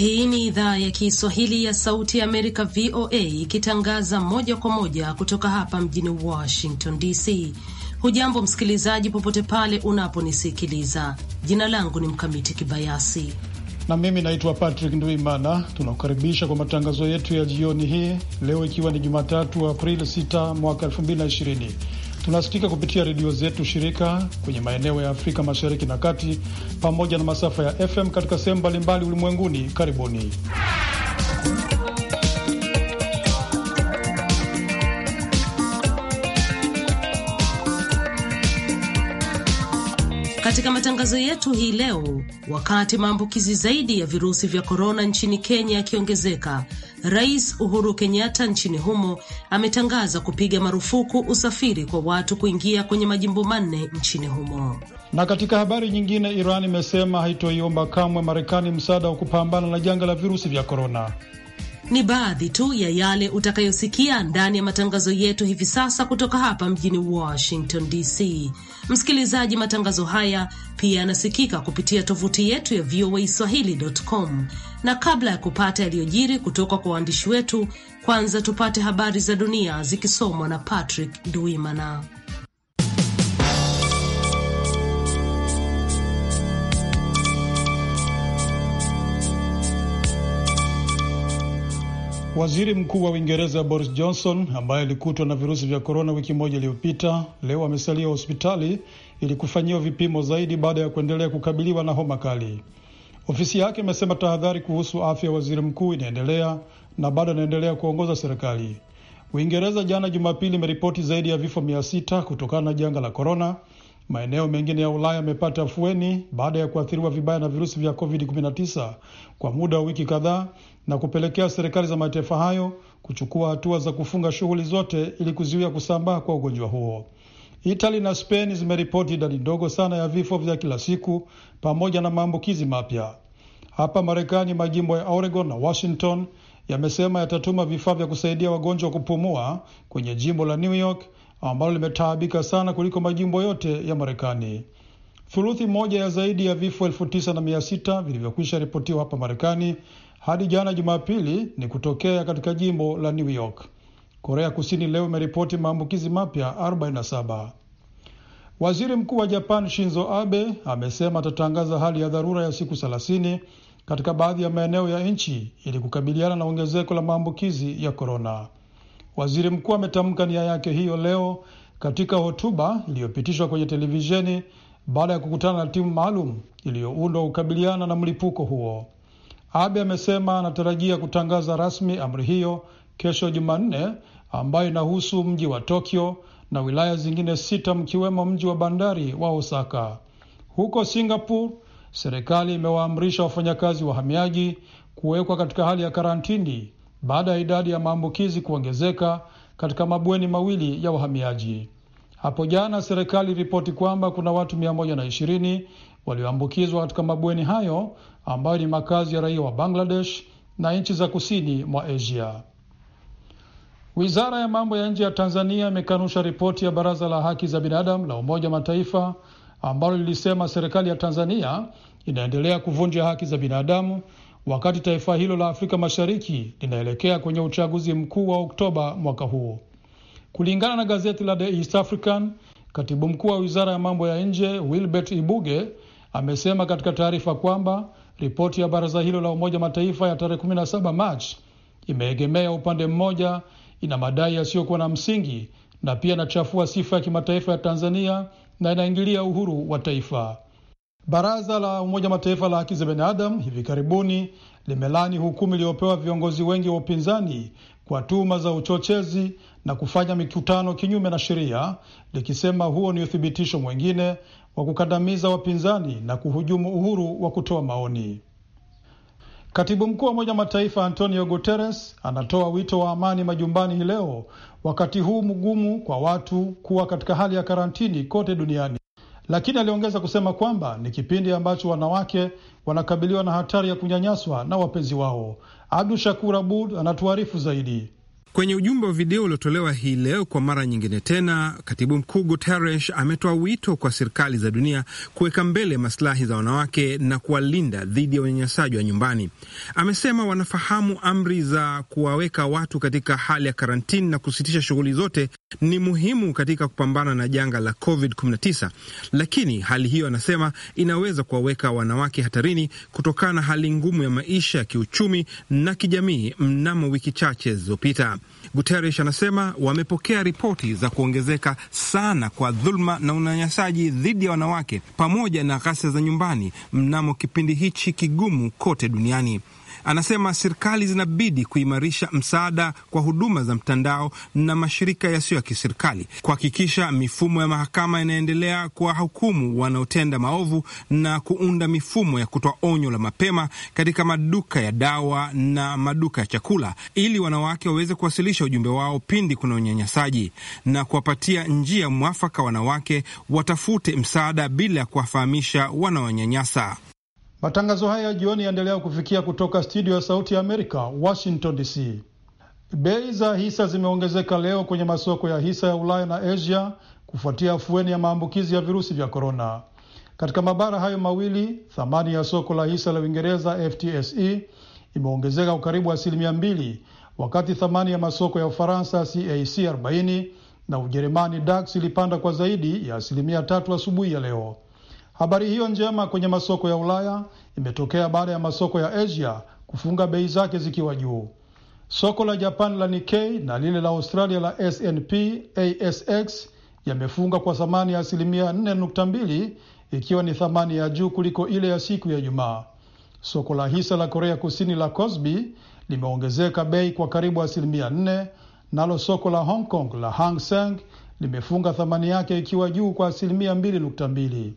Hii ni idhaa ya Kiswahili ya Sauti ya Amerika, VOA, ikitangaza moja kwa moja kutoka hapa mjini Washington DC. Hujambo msikilizaji, popote pale unaponisikiliza. Jina langu ni Mkamiti Kibayasi na mimi naitwa Patrick Nduimana. Tunakukaribisha kwa matangazo yetu ya jioni hii leo, ikiwa ni Jumatatu, Aprili 6 mwaka 2020 Tunasikika kupitia redio zetu shirika kwenye maeneo ya Afrika Mashariki na Kati pamoja na masafa ya FM katika sehemu mbalimbali ulimwenguni. Karibuni. Katika matangazo yetu hii leo, wakati maambukizi zaidi ya virusi vya korona nchini Kenya yakiongezeka, Rais Uhuru Kenyatta nchini humo ametangaza kupiga marufuku usafiri kwa watu kuingia kwenye majimbo manne nchini humo. Na katika habari nyingine, Iran imesema haitoiomba kamwe Marekani msaada wa kupambana na janga la virusi vya korona. Ni baadhi tu ya yale utakayosikia ndani ya matangazo yetu hivi sasa kutoka hapa mjini Washington DC. Msikilizaji, matangazo haya pia yanasikika kupitia tovuti yetu ya VOA Swahili.com. Na kabla ya kupata yaliyojiri kutoka kwa waandishi wetu, kwanza tupate habari za dunia zikisomwa na Patrick Duimana. Waziri Mkuu wa Uingereza Boris Johnson ambaye alikutwa na virusi vya korona wiki moja iliyopita, leo amesalia hospitali ili kufanyiwa vipimo zaidi baada ya kuendelea kukabiliwa na homa kali. Ofisi yake imesema tahadhari kuhusu afya ya waziri mkuu inaendelea na bado anaendelea kuongoza serikali. Uingereza jana Jumapili imeripoti zaidi ya vifo mia sita kutokana na janga la korona. Maeneo mengine ya Ulaya yamepata afueni baada ya kuathiriwa vibaya na virusi vya COVID-19 kwa muda wa wiki kadhaa, na kupelekea serikali za mataifa hayo kuchukua hatua za kufunga shughuli zote ili kuzuia kusambaa kwa ugonjwa huo. Itali na Spain zimeripoti idadi ndogo sana ya vifo vya kila siku pamoja na maambukizi mapya. Hapa Marekani, majimbo ya Oregon na Washington yamesema yatatuma vifaa vya kusaidia wagonjwa kupumua kwenye jimbo la New York ambalo limetaabika sana kuliko majimbo yote ya Marekani. Thuluthi moja ya zaidi ya vifo elfu tisa na mia sita vilivyokwisha ripotiwa hapa Marekani hadi jana Jumapili ni kutokea katika jimbo la New York. Korea Kusini leo imeripoti maambukizi mapya 47. Waziri Mkuu wa Japan Shinzo Abe amesema atatangaza hali ya dharura ya siku 30 katika baadhi ya maeneo ya nchi ili kukabiliana na ongezeko la maambukizi ya korona. Waziri mkuu ametamka nia yake hiyo leo katika hotuba iliyopitishwa kwenye televisheni baada ya kukutana na timu maalum iliyoundwa kukabiliana na mlipuko huo. Abe amesema anatarajia kutangaza rasmi amri hiyo kesho Jumanne, ambayo inahusu mji wa Tokyo na wilaya zingine sita mkiwemo mji wa bandari wa Osaka. Huko Singapore, serikali imewaamrisha wafanyakazi wahamiaji kuwekwa katika hali ya karantini baada ya idadi ya maambukizi kuongezeka katika mabweni mawili ya wahamiaji. Hapo jana serikali ripoti kwamba kuna watu 120 walioambukizwa katika mabweni hayo ambayo ni makazi ya raia wa Bangladesh na nchi za kusini mwa Asia. Wizara ya mambo ya nje ya Tanzania imekanusha ripoti ya Baraza la Haki za Binadamu la Umoja wa Mataifa ambalo lilisema serikali ya Tanzania inaendelea kuvunja haki za binadamu wakati taifa hilo la Afrika Mashariki linaelekea kwenye uchaguzi mkuu wa Oktoba mwaka huu. Kulingana na gazeti la The East African, katibu mkuu wa wizara ya mambo ya nje Wilbert Ibuge amesema katika taarifa kwamba Ripoti ya baraza hilo la Umoja Mataifa ya tarehe 17 Machi imeegemea upande mmoja, ina madai yasiyokuwa na msingi na pia inachafua sifa ya kimataifa ya Tanzania na inaingilia uhuru wa taifa. Baraza la Umoja Mataifa la haki za binadamu hivi karibuni limelani hukumu iliyopewa viongozi wengi wa upinzani kwa tuhuma za uchochezi na kufanya mikutano kinyume na sheria, likisema huo ni uthibitisho mwingine wa kukandamiza wapinzani na kuhujumu uhuru wa kutoa maoni. Katibu mkuu wa Umoja Mataifa Antonio Guterres anatoa wito wa amani majumbani hii leo, wakati huu mgumu kwa watu kuwa katika hali ya karantini kote duniani, lakini aliongeza kusema kwamba ni kipindi ambacho wanawake wanakabiliwa na hatari ya kunyanyaswa na wapenzi wao. Abdu Shakur Abud anatuarifu zaidi. Kwenye ujumbe wa video uliotolewa hii leo kwa mara nyingine tena, katibu mkuu Guterres ametoa wito kwa serikali za dunia kuweka mbele masilahi za wanawake na kuwalinda dhidi ya unyanyasaji wa nyumbani. Amesema wanafahamu amri za kuwaweka watu katika hali ya karantini na kusitisha shughuli zote ni muhimu katika kupambana na janga la COVID-19, lakini hali hiyo, anasema, inaweza kuwaweka wanawake hatarini kutokana na hali ngumu ya maisha ya kiuchumi na kijamii mnamo wiki chache zilizopita. Guterres anasema wamepokea ripoti za kuongezeka sana kwa dhuluma na unyanyasaji dhidi ya wanawake pamoja na ghasia za nyumbani mnamo kipindi hichi kigumu kote duniani. Anasema serikali zinabidi kuimarisha msaada kwa huduma za mtandao na mashirika yasiyo ya kiserikali kuhakikisha mifumo ya mahakama inaendelea kuwahukumu wanaotenda maovu na kuunda mifumo ya kutoa onyo la mapema katika maduka ya dawa na maduka ya chakula ili wanawake waweze kuwasilisha ujumbe wao pindi kuna unyanyasaji na kuwapatia njia mwafaka wanawake watafute msaada bila ya kuwafahamisha wanaonyanyasa. Matangazo haya ya jioni yaendelea kufikia kutoka studio ya Sauti ya Amerika, Washington DC. Bei za hisa zimeongezeka leo kwenye masoko ya hisa ya Ulaya na Asia kufuatia afueni ya maambukizi ya virusi vya korona. Katika mabara hayo mawili, thamani ya soko la hisa la Uingereza FTSE imeongezeka kwa karibu asilimia mbili, wakati thamani ya masoko ya Ufaransa CAC 40 na Ujerumani DAX ilipanda kwa zaidi ya asilimia tatu asubuhi ya leo. Habari hiyo njema kwenye masoko ya Ulaya imetokea baada ya masoko ya Asia kufunga bei zake zikiwa juu. Soko la Japan la Nikkei na lile la Australia la SNP ASX yamefunga kwa thamani ya asilimia 4.2 ikiwa ni thamani ya juu kuliko ile ya siku ya Ijumaa. Soko la hisa la Korea Kusini la Kosbi limeongezeka bei kwa karibu asilimia 4, nalo soko la Hong Kong la Hang Seng limefunga thamani yake ikiwa juu kwa asilimia 2.2.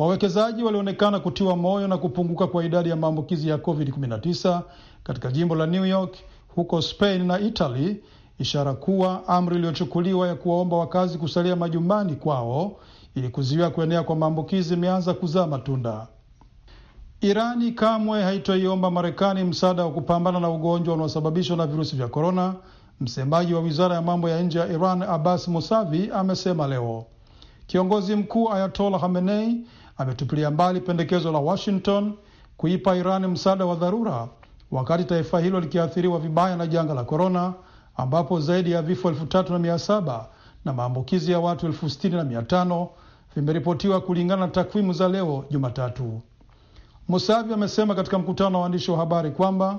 Wawekezaji walionekana kutiwa moyo na kupunguka kwa idadi ya maambukizi ya COVID-19 katika jimbo la New York, huko Spain na Italy, ishara kuwa amri iliyochukuliwa ya kuwaomba wakazi kusalia majumbani kwao ili kuzuia kuenea kwa maambukizi imeanza kuzaa matunda. Irani kamwe haitoiomba Marekani msaada wa kupambana na ugonjwa unaosababishwa na virusi vya korona, msemaji wa wizara ya mambo ya nje ya Iran Abbas Musavi amesema leo. Kiongozi mkuu Ayatollah Khamenei ametupilia mbali pendekezo la Washington kuipa Iran msaada wa dharura wakati taifa hilo likiathiriwa vibaya na janga la korona ambapo zaidi ya vifo elfu tatu na mia saba na maambukizi ya watu elfu sitini na mia tano vimeripotiwa kulingana na takwimu za leo Jumatatu. Musavi amesema katika mkutano wa waandishi wa habari kwamba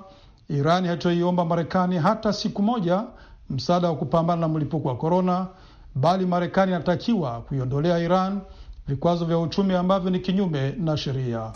Irani haitoiomba Marekani hata siku moja msaada wa kupambana na mlipuko wa korona, bali Marekani inatakiwa kuiondolea Iran vikwazo vya uchumi ambavyo ni kinyume na sheria.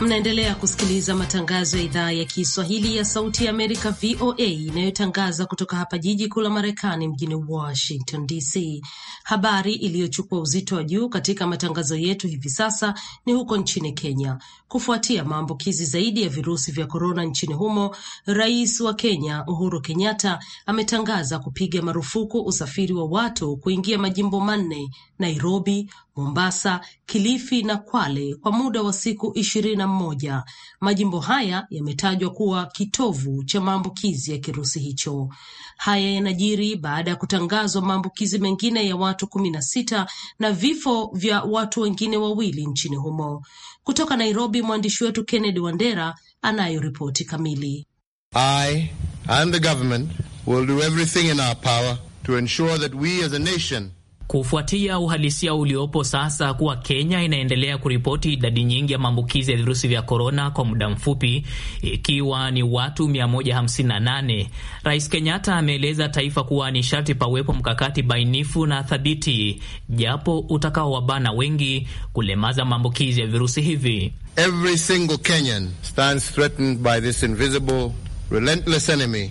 Mnaendelea kusikiliza matangazo ya idhaa ya Kiswahili ya Sauti ya Amerika, VOA, inayotangaza kutoka hapa jiji kuu la Marekani, mjini Washington DC. Habari iliyochukua uzito wa juu katika matangazo yetu hivi sasa ni huko nchini Kenya, kufuatia maambukizi zaidi ya virusi vya korona nchini humo. Rais wa Kenya Uhuru Kenyatta ametangaza kupiga marufuku usafiri wa watu kuingia majimbo manne Nairobi, Mombasa, Kilifi na Kwale kwa muda wa siku ishirini na mmoja. Majimbo haya yametajwa kuwa kitovu cha maambukizi ya kirusi hicho. Haya yanajiri baada ya kutangazwa maambukizi mengine ya watu kumi na sita na vifo vya watu wengine wawili nchini humo. Kutoka Nairobi, mwandishi wetu Kennedy Wandera anayo ripoti kamili. I and the government will do everything in our power to ensure that we as a nation Kufuatia uhalisia uliopo sasa kuwa Kenya inaendelea kuripoti idadi nyingi ya maambukizi ya virusi vya korona kwa muda mfupi, ikiwa ni watu 158, Rais Kenyatta ameeleza taifa kuwa ni sharti pawepo mkakati bainifu na thabiti, japo utakaowabana wengi, kulemaza maambukizi ya virusi hivi. Every single Kenyan stands threatened by this invisible, relentless enemy.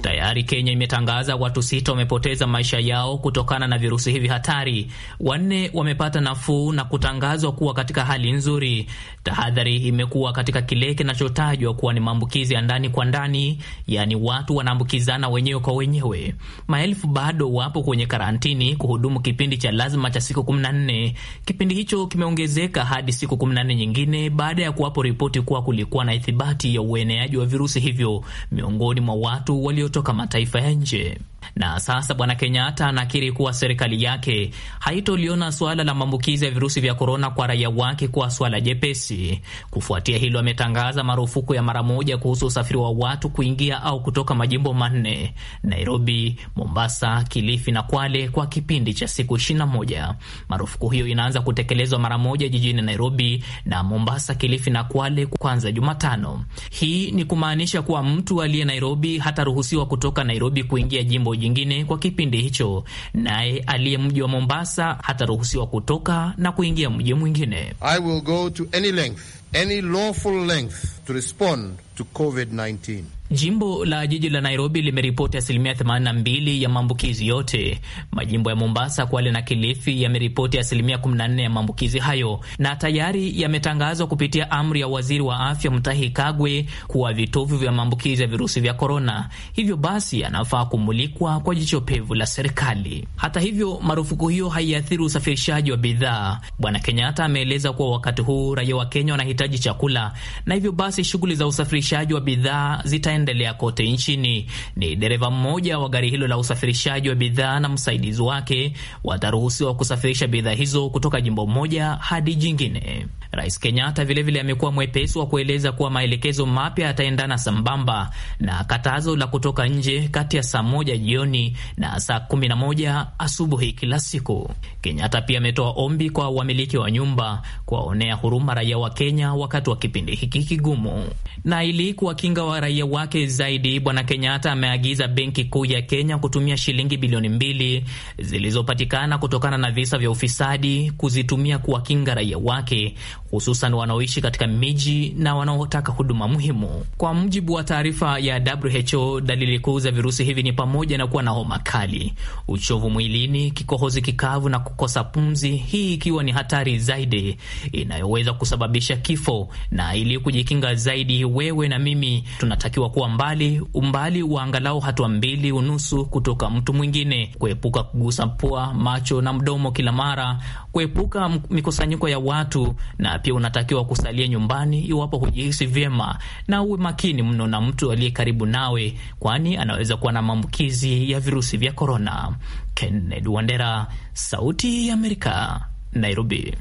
Tayari Kenya imetangaza watu sita wamepoteza maisha yao kutokana na virusi hivi hatari, wanne wamepata nafuu na kutangazwa kuwa katika hali nzuri. Tahadhari imekuwa katika kile kinachotajwa kuwa ni maambukizi ya ndani kwa ndani, yaani watu wanaambukizana wenyewe kwa wenyewe. Maelfu bado wapo kwenye karantini kuhudumu kipindi cha lazima cha siku 14. Kipindi hicho kimeongezeka hadi siku 14 nyingine baada ya kuwapo ripoti kuwa kulikuwa na ithibati ya ueneaji wa virusi hivyo miongoni mwa watu watu waliotoka mataifa ya nje. Na sasa bwana Kenyatta anakiri kuwa serikali yake haitoliona suala la maambukizi ya virusi vya korona kwa raia wake kuwa swala jepesi. Kufuatia hilo, ametangaza marufuku ya mara moja kuhusu usafiri wa watu kuingia au kutoka majimbo manne, Nairobi, Mombasa, Kilifi na Kwale, kwa kipindi cha siku 21. Marufuku hiyo inaanza kutekelezwa mara moja jijini Nairobi na Mombasa, Kilifi na Kwale kwanza Jumatano. Hii ni kumaanisha kuwa mtu aliye Nairobi hataruhusiwa kutoka Nairobi kuingia jimbo jingine kwa kipindi hicho, naye aliye mji wa Mombasa hataruhusiwa kutoka na kuingia mji mwingine. I will go to any length, any lawful length to respond to COVID-19. Jimbo la jiji la Nairobi limeripoti asilimia 82 ya maambukizi yote. Majimbo ya Mombasa, Kwale na Kilifi yameripoti asilimia 14 ya maambukizi hayo, na tayari yametangazwa kupitia amri ya waziri wa afya mtahi Kagwe kuwa vitovu vya maambukizi ya virusi vya korona, hivyo basi yanafaa kumulikwa kwa jicho pevu la serikali. Hata hivyo, marufuku hiyo haiathiri usafirishaji wa bidhaa. Bwana Kenyatta ameeleza kuwa wakati huu raia wa Kenya wanahitaji chakula na hivyo basi shughuli za usafirishaji wa bidhaa zitaendelea unaendelea kote nchini. Ni dereva mmoja wa gari hilo la usafirishaji wa bidhaa na msaidizi wake wataruhusiwa kusafirisha bidhaa hizo kutoka jimbo moja hadi jingine. Rais Kenyatta vilevile amekuwa mwepesi wa kueleza kuwa maelekezo mapya yataendana sambamba na katazo la kutoka nje kati ya saa moja jioni na saa kumi na moja asubuhi kila siku. Kenyatta pia ametoa ombi kwa wamiliki wa nyumba kuwaonea huruma raia wa Kenya wakati wa kipindi hiki kigumu. Na ili kuwakinga wa raia wake zaidi, Bwana Kenyatta ameagiza Benki Kuu ya Kenya kutumia shilingi bilioni mbili zilizopatikana kutokana na visa vya ufisadi kuzitumia kuwakinga raia wake hususan wanaoishi katika miji na wanaotaka huduma muhimu. Kwa mujibu wa taarifa ya WHO, dalili kuu za virusi hivi ni pamoja na kuwa na homa kali, uchovu mwilini, kikohozi kikavu na kukosa pumzi, hii ikiwa ni hatari zaidi inayoweza kusababisha kifo. Na ili kujikinga zaidi, wewe na mimi tunatakiwa kuwa mbali, umbali wa angalau hatua mbili unusu kutoka mtu mwingine, kuepuka kugusa pua, macho na mdomo kila mara, kuepuka mikusanyiko ya watu na pia unatakiwa kusalia nyumbani iwapo hujihisi vyema, na uwe makini mno na mtu aliye karibu nawe, kwani anaweza kuwa na maambukizi ya virusi vya korona. Kennedy Wandera, Sauti ya Amerika, Nairobi.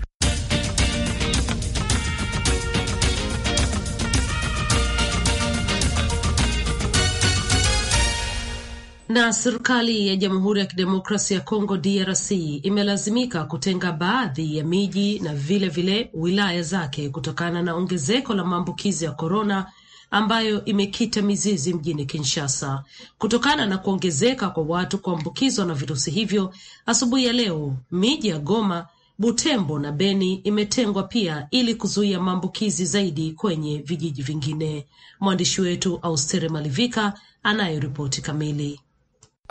Na serikali ya Jamhuri ya Kidemokrasia ya Kongo DRC imelazimika kutenga baadhi ya miji na vilevile vile wilaya zake kutokana na ongezeko la maambukizi ya korona ambayo imekita mizizi mjini Kinshasa. Kutokana na kuongezeka kwa watu kuambukizwa na virusi hivyo, asubuhi ya leo miji ya Goma, Butembo na Beni imetengwa pia ili kuzuia maambukizi zaidi kwenye vijiji vingine. Mwandishi wetu Austere Malivika anayo ripoti kamili.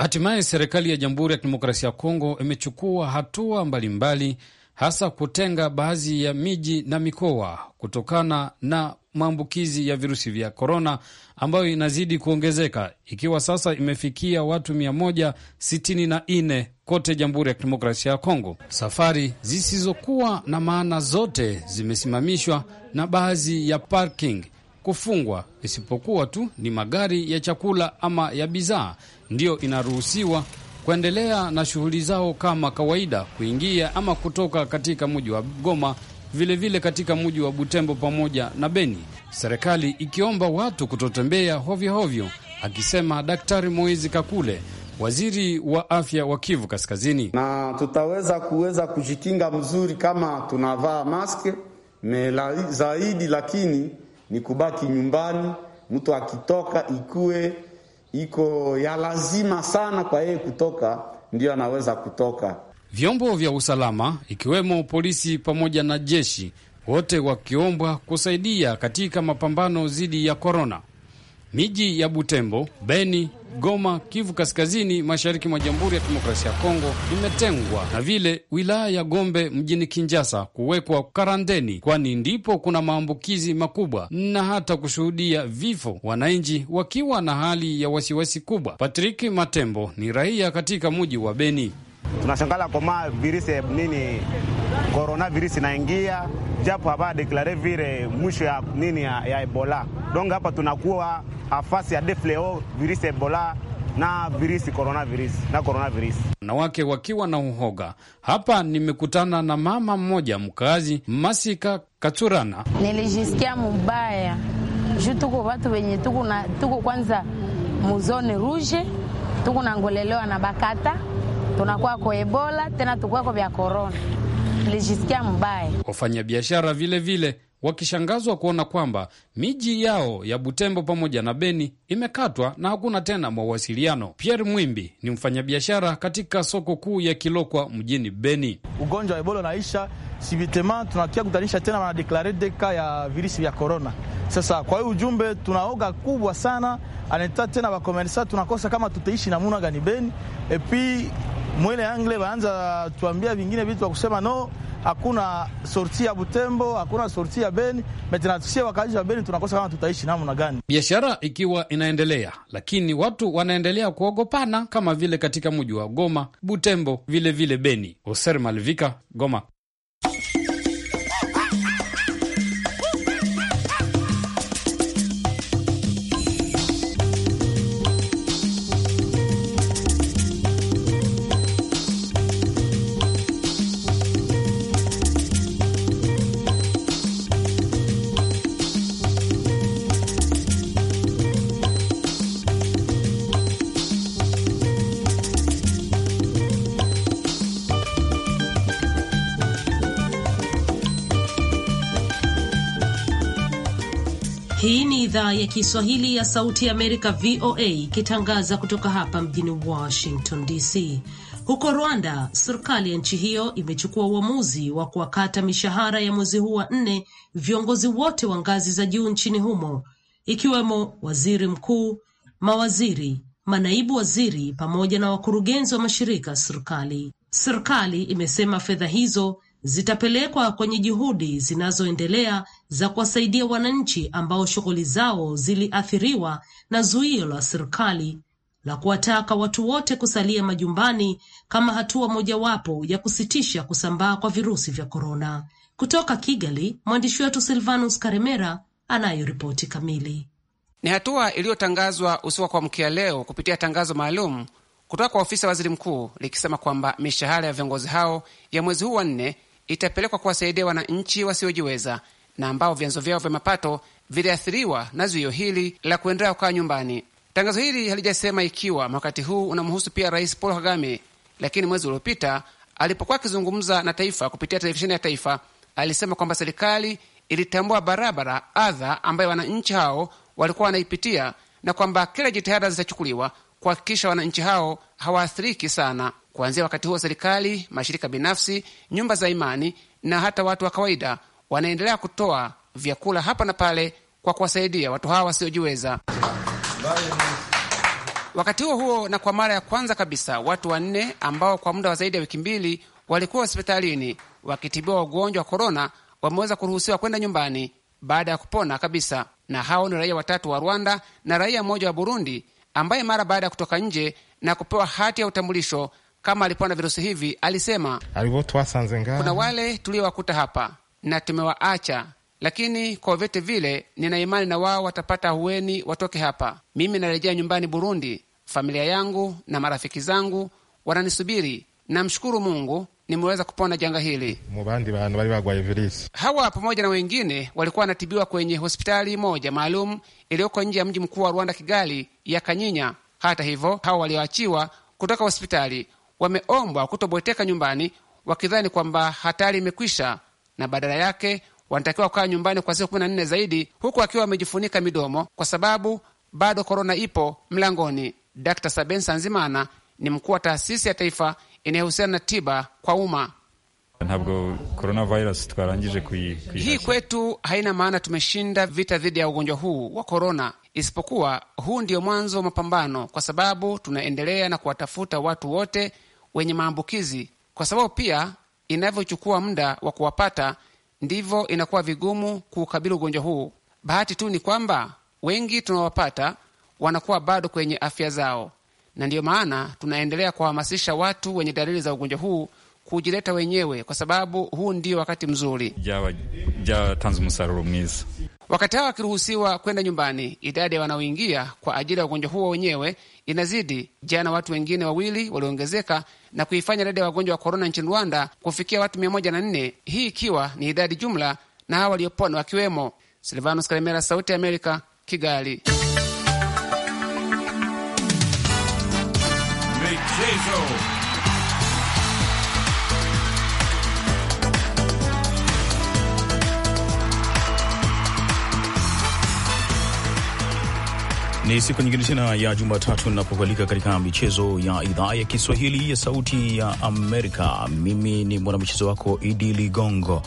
Hatimaye serikali ya Jamhuri ya Kidemokrasia ya Kongo imechukua hatua mbalimbali mbali, hasa kutenga baadhi ya miji na mikoa kutokana na maambukizi ya virusi vya korona ambayo inazidi kuongezeka ikiwa sasa imefikia watu 164 kote Jamhuri ya Kidemokrasia ya Kongo. Safari zisizokuwa na maana zote zimesimamishwa na baadhi ya parking kufungwa, isipokuwa tu ni magari ya chakula ama ya bidhaa ndiyo inaruhusiwa kuendelea na shughuli zao kama kawaida, kuingia ama kutoka katika mji wa Goma, vilevile vile katika mji wa Butembo pamoja na Beni, serikali ikiomba watu kutotembea hovyohovyo hovyo, akisema Daktari Moizi Kakule, waziri wa afya wa Kivu Kaskazini. Na tutaweza kuweza kujikinga mzuri kama tunavaa maske me la, zaidi lakini ni kubaki nyumbani, mtu akitoka ikue iko ya lazima sana kwa yeye kutoka, ndiyo anaweza kutoka. Vyombo vya usalama ikiwemo polisi pamoja na jeshi, wote wakiombwa kusaidia katika mapambano dhidi ya korona. Miji ya Butembo, Beni Goma, Kivu Kaskazini, mashariki mwa Jamhuri ya Kidemokrasia ya Kongo imetengwa na vile wilaya ya Gombe mjini Kinjasa kuwekwa karanteni, kwani ndipo kuna maambukizi makubwa na hata kushuhudia vifo, wananchi wakiwa na hali ya wasiwasi kubwa. Patrick Matembo ni raia katika muji wa Beni. Tunashangala kwa virusi nini coronavirus inaingia, japo haba deklare vile mwisho ya nini ya, ya Ebola. Donc hapa tunakuwa afasi ya defleo virusi Ebola na virusi coronavirus na coronavirus. Wanawake wakiwa na uhoga hapa. Nimekutana na mama mmoja mkazi Masika Katurana. Nilijisikia mubaya juu tuko watu wenye tuko na tuko kwanza muzone ruje tuko ngolelewa na bakata tunakuwa kwa Ebola tena kwa vya korona nilijisikia mbaya. Wafanyabiashara vilevile wakishangazwa kuona kwamba miji yao ya Butembo pamoja na Beni imekatwa na hakuna tena mawasiliano. Pierre Mwimbi ni mfanyabiashara katika soko kuu ya Kilokwa mjini Beni. Ugonjwa wa Ebola unaisha sivitema, tunatia kutanisha tena wanadeklare deka ya virusi vya korona. Sasa kwa hiyo ujumbe tunaoga kubwa sana anaeta tena wakomersa, tunakosa kama tutaishi namuna gani Beni epi mwene angle baanza tuambia vingine vitu kusema no, hakuna sorti ya Butembo, hakuna sorti ya Beni metenatusie wakaaji wa Beni tunakosa kama tutaishi namna gani? Biashara ikiwa inaendelea, lakini watu wanaendelea kuogopana kama vile katika mji wa Goma, Butembo vilevile vile Beni. Oser Malvika, Goma. Hii ni idhaa ya Kiswahili ya Sauti ya Amerika, VOA, ikitangaza kutoka hapa mjini Washington DC. Huko Rwanda, serikali ya nchi hiyo imechukua uamuzi wa kuwakata mishahara ya mwezi huu wa nne viongozi wote wa ngazi za juu nchini humo, ikiwemo waziri mkuu, mawaziri, manaibu waziri pamoja na wakurugenzi wa mashirika serkali serikali. Serikali imesema fedha hizo zitapelekwa kwenye juhudi zinazoendelea za kuwasaidia wananchi ambao shughuli zao ziliathiriwa na zuio la serikali la kuwataka watu wote kusalia majumbani kama hatua mojawapo ya kusitisha kusambaa kwa virusi vya korona. Kutoka Kigali, mwandishi wetu Silvanus Karemera anayo ripoti kamili. Ni hatua iliyotangazwa usiku wa kuamkia leo kupitia tangazo maalum kutoka kwa ofisi ya waziri mkuu likisema kwamba mishahara ya viongozi hao ya mwezi huu wa nne itapelekwa kuwasaidia wananchi wasiojiweza na ambao vyanzo vyao vya mapato viliathiriwa na zuio hili la kuendelea kukaa nyumbani. Tangazo hili halijasema ikiwa wakati huu unamhusu pia Rais Paul Kagame, lakini mwezi uliopita alipokuwa akizungumza na taifa kupitia televisheni ya taifa, alisema kwamba serikali ilitambua barabara adha ambayo wananchi hao walikuwa wanaipitia na kwamba kila jitihada zitachukuliwa kuhakikisha wananchi hao hawaathiriki sana. Kuanzia wakati huo, serikali, mashirika binafsi, nyumba za imani na hata watu wa kawaida wanaendelea kutoa vyakula hapa na pale kwa kuwasaidia watu hawa wasiojiweza. Wakati huo huo, na kwa mara ya kwanza kabisa, watu wanne ambao kwa muda wa zaidi ya wiki mbili walikuwa hospitalini wakitibiwa ugonjwa wa korona wameweza kuruhusiwa kwenda nyumbani baada ya kupona kabisa, na hao ni raia watatu wa Rwanda na raia mmoja wa Burundi ambaye mara baada ya kutoka nje na kupewa hati ya utambulisho kama alikuwa na virusi hivi. Alisema kuna wale tuliowakuta hapa na tumewaacha, lakini kwa vyote vile nina imani na wao watapata ahueni, watoke hapa. Mimi narejea nyumbani Burundi, familia yangu na marafiki zangu wananisubiri. Namshukuru Mungu nimeweza kupona janga hili. Mubandi bantu bari bagwaye virusi. Hawa pamoja na wengine walikuwa wanatibiwa kwenye hospitali moja maalum iliyoko nje ya mji mkuu wa Rwanda, Kigali, ya Kanyinya. Hata hivyo, hawa walioachiwa kutoka hospitali wameombwa kutobweteka nyumbani wakidhani kwamba hatari imekwisha na badala yake wanatakiwa kukaa nyumbani kwa siku nne zaidi, huku akiwa wamejifunika midomo kwa sababu bado korona ipo mlangoni. d Saben Sanzimana ni mkuu wa taasisi ya taifa inayohusiana na tiba kwa umma. Hii kwetu haina maana tumeshinda vita dhidi ya ugonjwa huu wa korona, isipokuwa huu ndiyo mwanzo wa mapambano, kwa sababu tunaendelea na kuwatafuta watu wote wenye maambukizi, kwa sababu pia inavyochukua muda wa kuwapata ndivyo inakuwa vigumu kuukabili ugonjwa huu. Bahati tu ni kwamba wengi tunawapata wanakuwa bado kwenye afya zao, na ndiyo maana tunaendelea kuwahamasisha watu wenye dalili za ugonjwa huu kujileta wenyewe, kwa sababu huu ndio wakati mzuri. Wakati hawa wakiruhusiwa kwenda nyumbani, idadi ya wanaoingia kwa ajili ya ugonjwa huo wenyewe inazidi. Jana watu wengine wawili waliongezeka na kuifanya idadi ya wagonjwa wa korona nchini Rwanda kufikia watu nne hii ikiwa ni idadi jumla na hawa waliopona wakiwemo. Silvanus Kalemera, Sauti ya Amerika, Kigali. Ni siku nyingine tena ya Jumatatu ninapokualika katika michezo ya idhaa ya Kiswahili ya Sauti ya Amerika. Mimi ni mwanamichezo wako Idi Ligongo.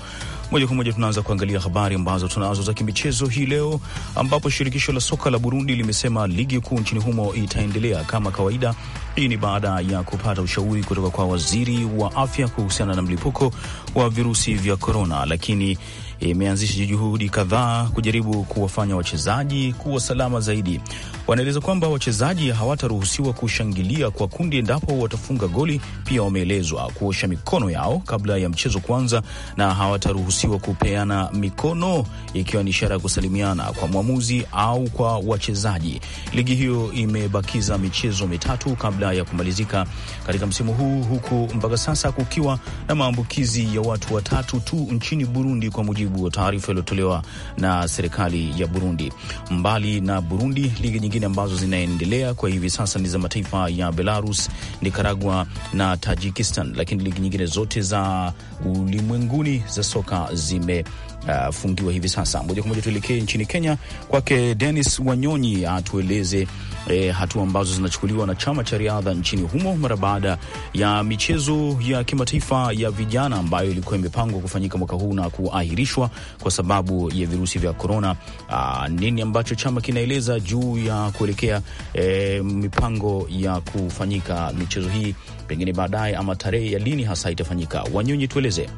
Moja kwa moja tunaanza kuangalia habari ambazo tunazo za kimichezo hii leo, ambapo shirikisho la soka la Burundi limesema ligi kuu nchini humo itaendelea kama kawaida. Hii ni baada ya kupata ushauri kutoka kwa waziri wa afya kuhusiana na mlipuko wa virusi vya korona, lakini imeanzisha juhudi kadhaa kujaribu kuwafanya wachezaji kuwa salama zaidi wanaeleza kwamba wachezaji hawataruhusiwa kushangilia kwa kundi endapo watafunga goli. Pia wameelezwa kuosha mikono yao kabla ya mchezo kuanza, na hawataruhusiwa kupeana mikono, ikiwa ni ishara ya kusalimiana kwa mwamuzi au kwa wachezaji. Ligi hiyo imebakiza michezo mitatu kabla ya kumalizika katika msimu huu, huku mpaka sasa kukiwa na maambukizi ya watu watatu tu nchini Burundi, kwa mujibu wa taarifa iliyotolewa na serikali ya Burundi. Mbali na Burundi, ligi nyingine ambazo zinaendelea kwa hivi sasa ni za mataifa ya Belarus, nikaragua na Tajikistan, lakini ligi nyingine zote za ulimwenguni za soka zime inafungiwa uh, hivi sasa. Moja kwa moja tuelekee nchini Kenya kwake Denis Wanyonyi atueleze eh, hatua ambazo zinachukuliwa na chama cha riadha nchini humo mara baada ya michezo ya kimataifa ya vijana ambayo ilikuwa imepangwa kufanyika mwaka huu na kuahirishwa kwa sababu ya virusi vya korona. Uh, ah, nini ambacho chama kinaeleza juu ya kuelekea eh, mipango ya kufanyika michezo hii pengine baadaye ama tarehe ya lini hasa itafanyika? Wanyonyi, tueleze.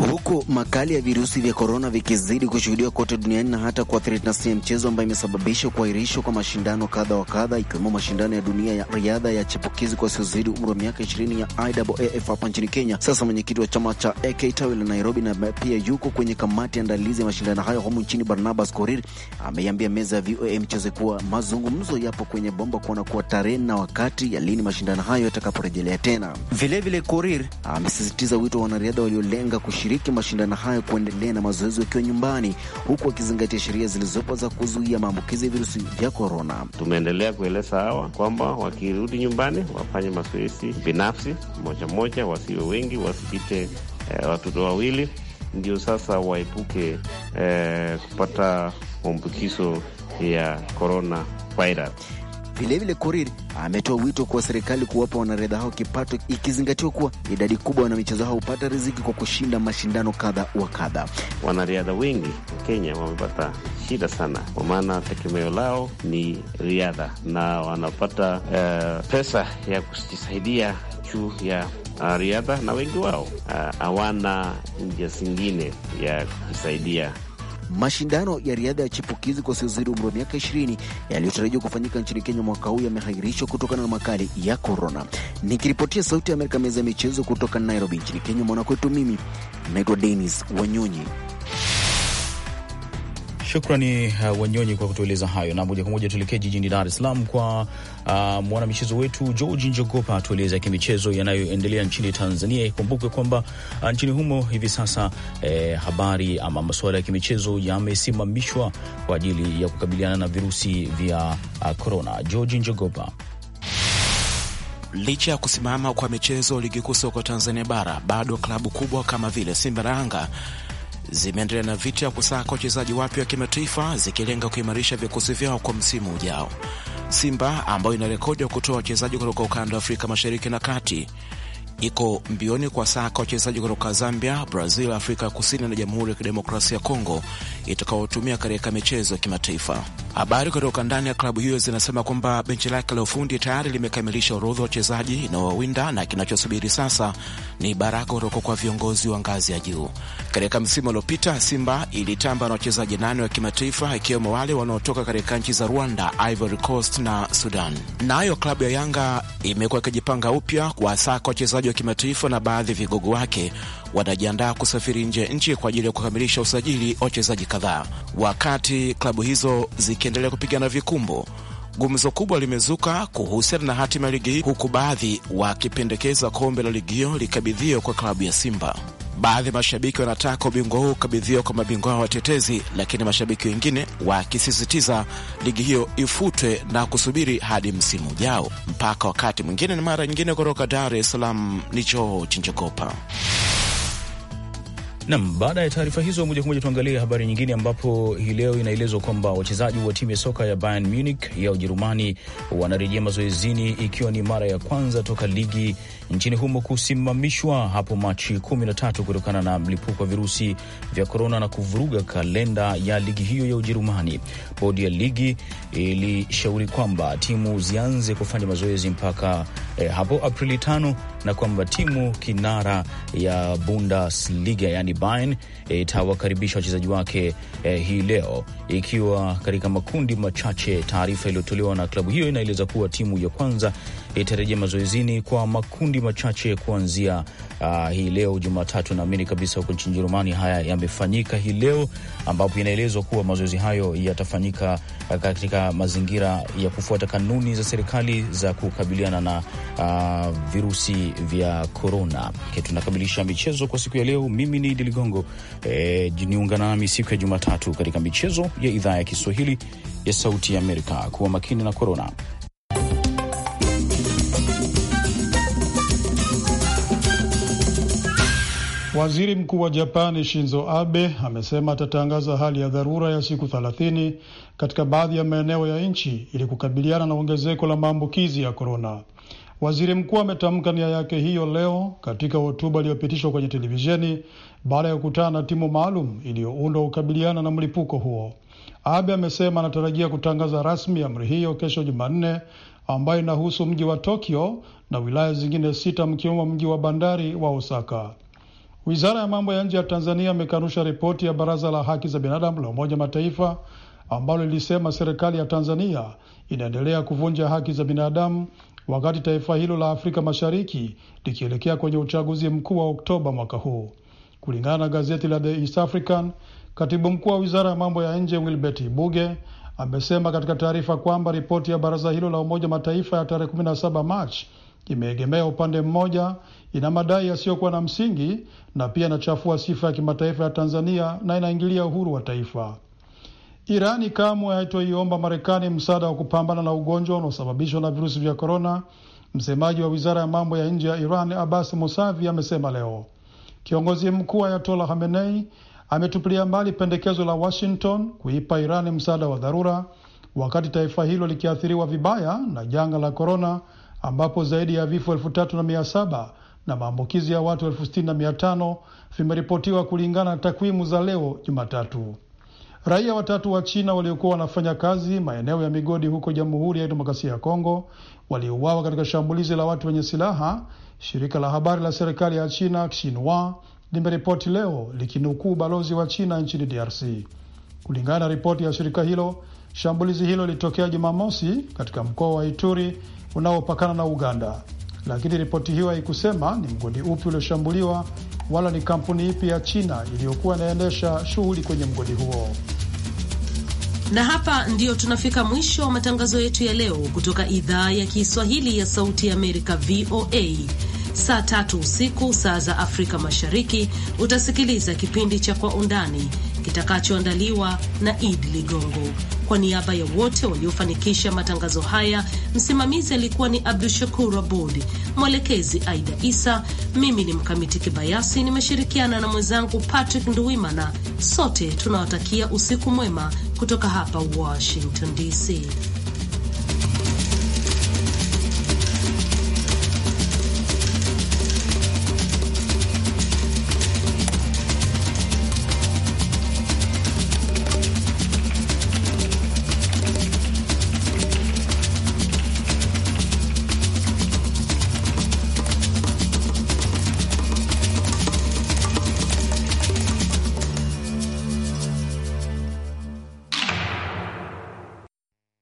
Huku makali ya virusi vya korona vikizidi kushuhudiwa kote duniani na hata kuathiri nasi ya mchezo ambayo imesababisha kuahirishwa kwa mashindano kadha wa kadha ikiwemo mashindano ya dunia ya riadha ya chipukizi kwa wasiozidi umri wa miaka ishirini ya IAAF hapa nchini Kenya. Sasa mwenyekiti wa chama cha AK tawi la Nairobi na pia yuko kwenye kamati ya andalizi ya mashindano hayo humu nchini, Barnabas Korir ameiambia meza ya VOA mchezo kuwa mazungumzo yapo kwenye bomba kuona kuwa tarehe na wakati ya lini mashindano hayo yatakaporejelea tena. Vilevile, Korir amesisitiza wito wa wanariadha waliolenga kush kushiriki mashindano hayo kuendelea na mazoezi wakiwa nyumbani, huku wakizingatia sheria zilizopo za kuzuia maambukizi ya virusi vya korona. Tumeendelea kueleza hawa kwamba wakirudi nyumbani wafanye mazoezi binafsi moja moja, wasiwe wengi, wasipite eh, watoto wawili, ndio sasa waepuke eh, kupata maambukizo ya korona Vilevile Korir ametoa wito kwa serikali kuwapa wanariadha hao kipato, ikizingatiwa kuwa idadi kubwa wanamichezo hao hupata riziki kwa kushinda mashindano kadha wa kadha. Wanariadha wengi wa Kenya wamepata shida sana, kwa maana tegemeo lao ni riadha na wanapata uh, pesa ya kujisaidia juu ya uh, riadha, na wengi wao ah, hawana uh, njia zingine ya kujisaidia Mashindano ya riadha ya chipukizi kwa wasiozidi umri wa miaka 20 yaliyotarajiwa kufanyika nchini Kenya mwaka huu yameahirishwa kutokana na makali ya korona. Nikiripotia Sauti ya Amerika, meza ya michezo kutoka Nairobi nchini Kenya, mwanakwetu, mimi naitwa Denis Wanyonyi. Shukrani uh, Wanyonyi kwa kutueleza hayo, na moja kwa moja tuelekee jijini Dar es Salaam kwa uh, mwanamichezo wetu George Njogopa atueleza kimichezo yanayoendelea nchini Tanzania. Ikumbuke kwamba uh, nchini humo hivi sasa eh, habari ama masuala ya kimichezo yamesimamishwa kwa ajili ya kukabiliana na virusi vya korona. Uh, George Njogopa. Licha ya kusimama kwa michezo ligi kuu soka Tanzania bara, bado klabu kubwa kama vile Simba na Yanga zimeendelea na vita ya kusaka wachezaji wapya wa kimataifa zikilenga kuimarisha vikosi vyao kwa msimu ujao. Simba ambayo ina rekodi ya kutoa wachezaji kutoka ukanda wa Afrika Mashariki na Kati iko mbioni kwa saka wachezaji kutoka Zambia, Brazil, Afrika Kusini na Jamhuri ya Kidemokrasia ya Kongo itakaotumia katika michezo ya kimataifa. Habari kutoka ndani ya klabu hiyo zinasema kwamba benchi lake la ufundi tayari limekamilisha orodha wachezaji inaowawinda na kinachosubiri sasa ni baraka kutoka kwa viongozi wa ngazi ya juu. Katika msimu uliopita, Simba ilitamba na wachezaji nane wa kimataifa ikiwemo wale wanaotoka katika nchi za Rwanda, Ivory Coast na Sudan. Nayo klabu ya Yanga imekuwa ikijipanga upya kuwasaka wachezaji ukosoaji wa kimataifa na baadhi ya vigogo wake wanajiandaa kusafiri nje ya nchi kwa ajili ya kukamilisha usajili wa wachezaji kadhaa. Wakati klabu hizo zikiendelea kupigana vikumbo, gumzo kubwa limezuka kuhusiana na hatima ya ligi hii, huku baadhi wakipendekeza kombe la ligi hiyo likabidhiwe kwa klabu ya Simba. Baadhi ya mashabiki wanataka ubingwa huu ukabidhiwa kwa mabingwa hao watetezi, lakini mashabiki wengine wakisisitiza ligi hiyo ifutwe na kusubiri hadi msimu ujao. Mpaka wakati mwingine na mara nyingine, kutoka Dar es Salaam ni choo Njogopa. Nam, baada ya taarifa hizo, moja kwa moja tuangalie habari nyingine, ambapo hii leo inaelezwa kwamba wachezaji wa timu ya soka ya Bayern Munich ya Ujerumani wanarejea mazoezini, ikiwa ni mara ya kwanza toka ligi nchini humo kusimamishwa hapo Machi 13 kutokana na mlipuko wa virusi vya korona na kuvuruga kalenda ya ligi hiyo ya Ujerumani. Bodi ya ligi ilishauri kwamba timu zianze kufanya mazoezi mpaka eh, hapo Aprili tano na kwamba timu kinara ya Bundesliga yani Bayern eh, itawakaribisha eh, wachezaji wake eh, hii leo ikiwa katika makundi machache. Taarifa iliyotolewa na klabu hiyo inaeleza kuwa timu ya kwanza itarejea mazoezini kwa makundi machache kuanzia uh, hii leo Jumatatu. Naamini kabisa huko nchini Jerumani haya yamefanyika hii leo, ambapo inaelezwa kuwa mazoezi hayo yatafanyika ah, katika mazingira ya kufuata kanuni za serikali za kukabiliana na uh, virusi vya korona. Tunakamilisha michezo kwa siku ya leo. Mimi ni Idi Ligongo. E, nami siku ya Jumatatu katika michezo ya idhaa ya Kiswahili ya Sauti ya Amerika. Kuwa makini na korona. Waziri Mkuu wa Japani Shinzo Abe amesema atatangaza hali ya dharura ya siku 30 katika baadhi ya maeneo ya nchi ili kukabiliana na ongezeko la maambukizi ya korona. Waziri mkuu ametamka nia yake hiyo leo katika hotuba iliyopitishwa kwenye televisheni baada ya kukutana na timu maalum iliyoundwa kukabiliana na mlipuko huo. Abe amesema anatarajia kutangaza rasmi amri hiyo kesho Jumanne, ambayo inahusu mji wa Tokyo na wilaya zingine sita mkiwemo mji wa bandari wa Osaka. Wizara ya mambo ya nje ya Tanzania imekanusha ripoti ya baraza la haki za binadamu la Umoja Mataifa ambalo lilisema serikali ya Tanzania inaendelea kuvunja haki za binadamu wakati taifa hilo la Afrika Mashariki likielekea kwenye uchaguzi mkuu wa Oktoba mwaka huu. Kulingana na gazeti la The East African, katibu mkuu wa wizara ya mambo ya nje Wilbert Ibuge amesema katika taarifa kwamba ripoti ya baraza hilo la Umoja Mataifa ya tarehe 17 Machi imeegemea upande mmoja ina madai yasiyokuwa na msingi na pia inachafua sifa ya kimataifa ya Tanzania na inaingilia uhuru wa taifa. Irani kamwe haitoiomba Marekani msaada wa kupambana na ugonjwa unaosababishwa na virusi vya korona. Msemaji wa wizara ya mambo ya nje ya Iran Abbas Musavi amesema leo kiongozi mkuu Ayatola Hamenei ametupilia mbali pendekezo la Washington kuipa Irani msaada wa dharura wakati taifa hilo likiathiriwa vibaya na janga la korona ambapo zaidi ya vifo elfu tatu na mia saba na maambukizi ya watu elfu sitini na mia tano vimeripotiwa kulingana na takwimu za leo Jumatatu. Raia watatu wa China waliokuwa wanafanya kazi maeneo ya migodi huko Jamhuri ya Demokrasia ya Kongo waliuawa katika shambulizi la watu wenye silaha, shirika la habari la serikali ya China Xinhua limeripoti leo likinukuu balozi wa China nchini DRC. Kulingana na ripoti ya shirika hilo, shambulizi hilo lilitokea Jumamosi katika mkoa wa Ituri unaopakana na Uganda lakini ripoti hiyo haikusema ni mgodi upi ulioshambuliwa wala ni kampuni ipi ya China iliyokuwa inaendesha shughuli kwenye mgodi huo. Na hapa ndiyo tunafika mwisho wa matangazo yetu ya leo kutoka idhaa ya Kiswahili ya Sauti ya Amerika, VOA. Saa tatu usiku saa za Afrika Mashariki utasikiliza kipindi cha Kwa Undani kitakachoandaliwa na id Ligongo. Kwa niaba ya wote waliofanikisha matangazo haya, msimamizi alikuwa ni Abdu Shakur Abud, mwelekezi Aida Isa. Mimi ni Mkamiti Kibayasi, nimeshirikiana na mwenzangu Patrick Nduwimana. Sote tunawatakia usiku mwema kutoka hapa Washington DC.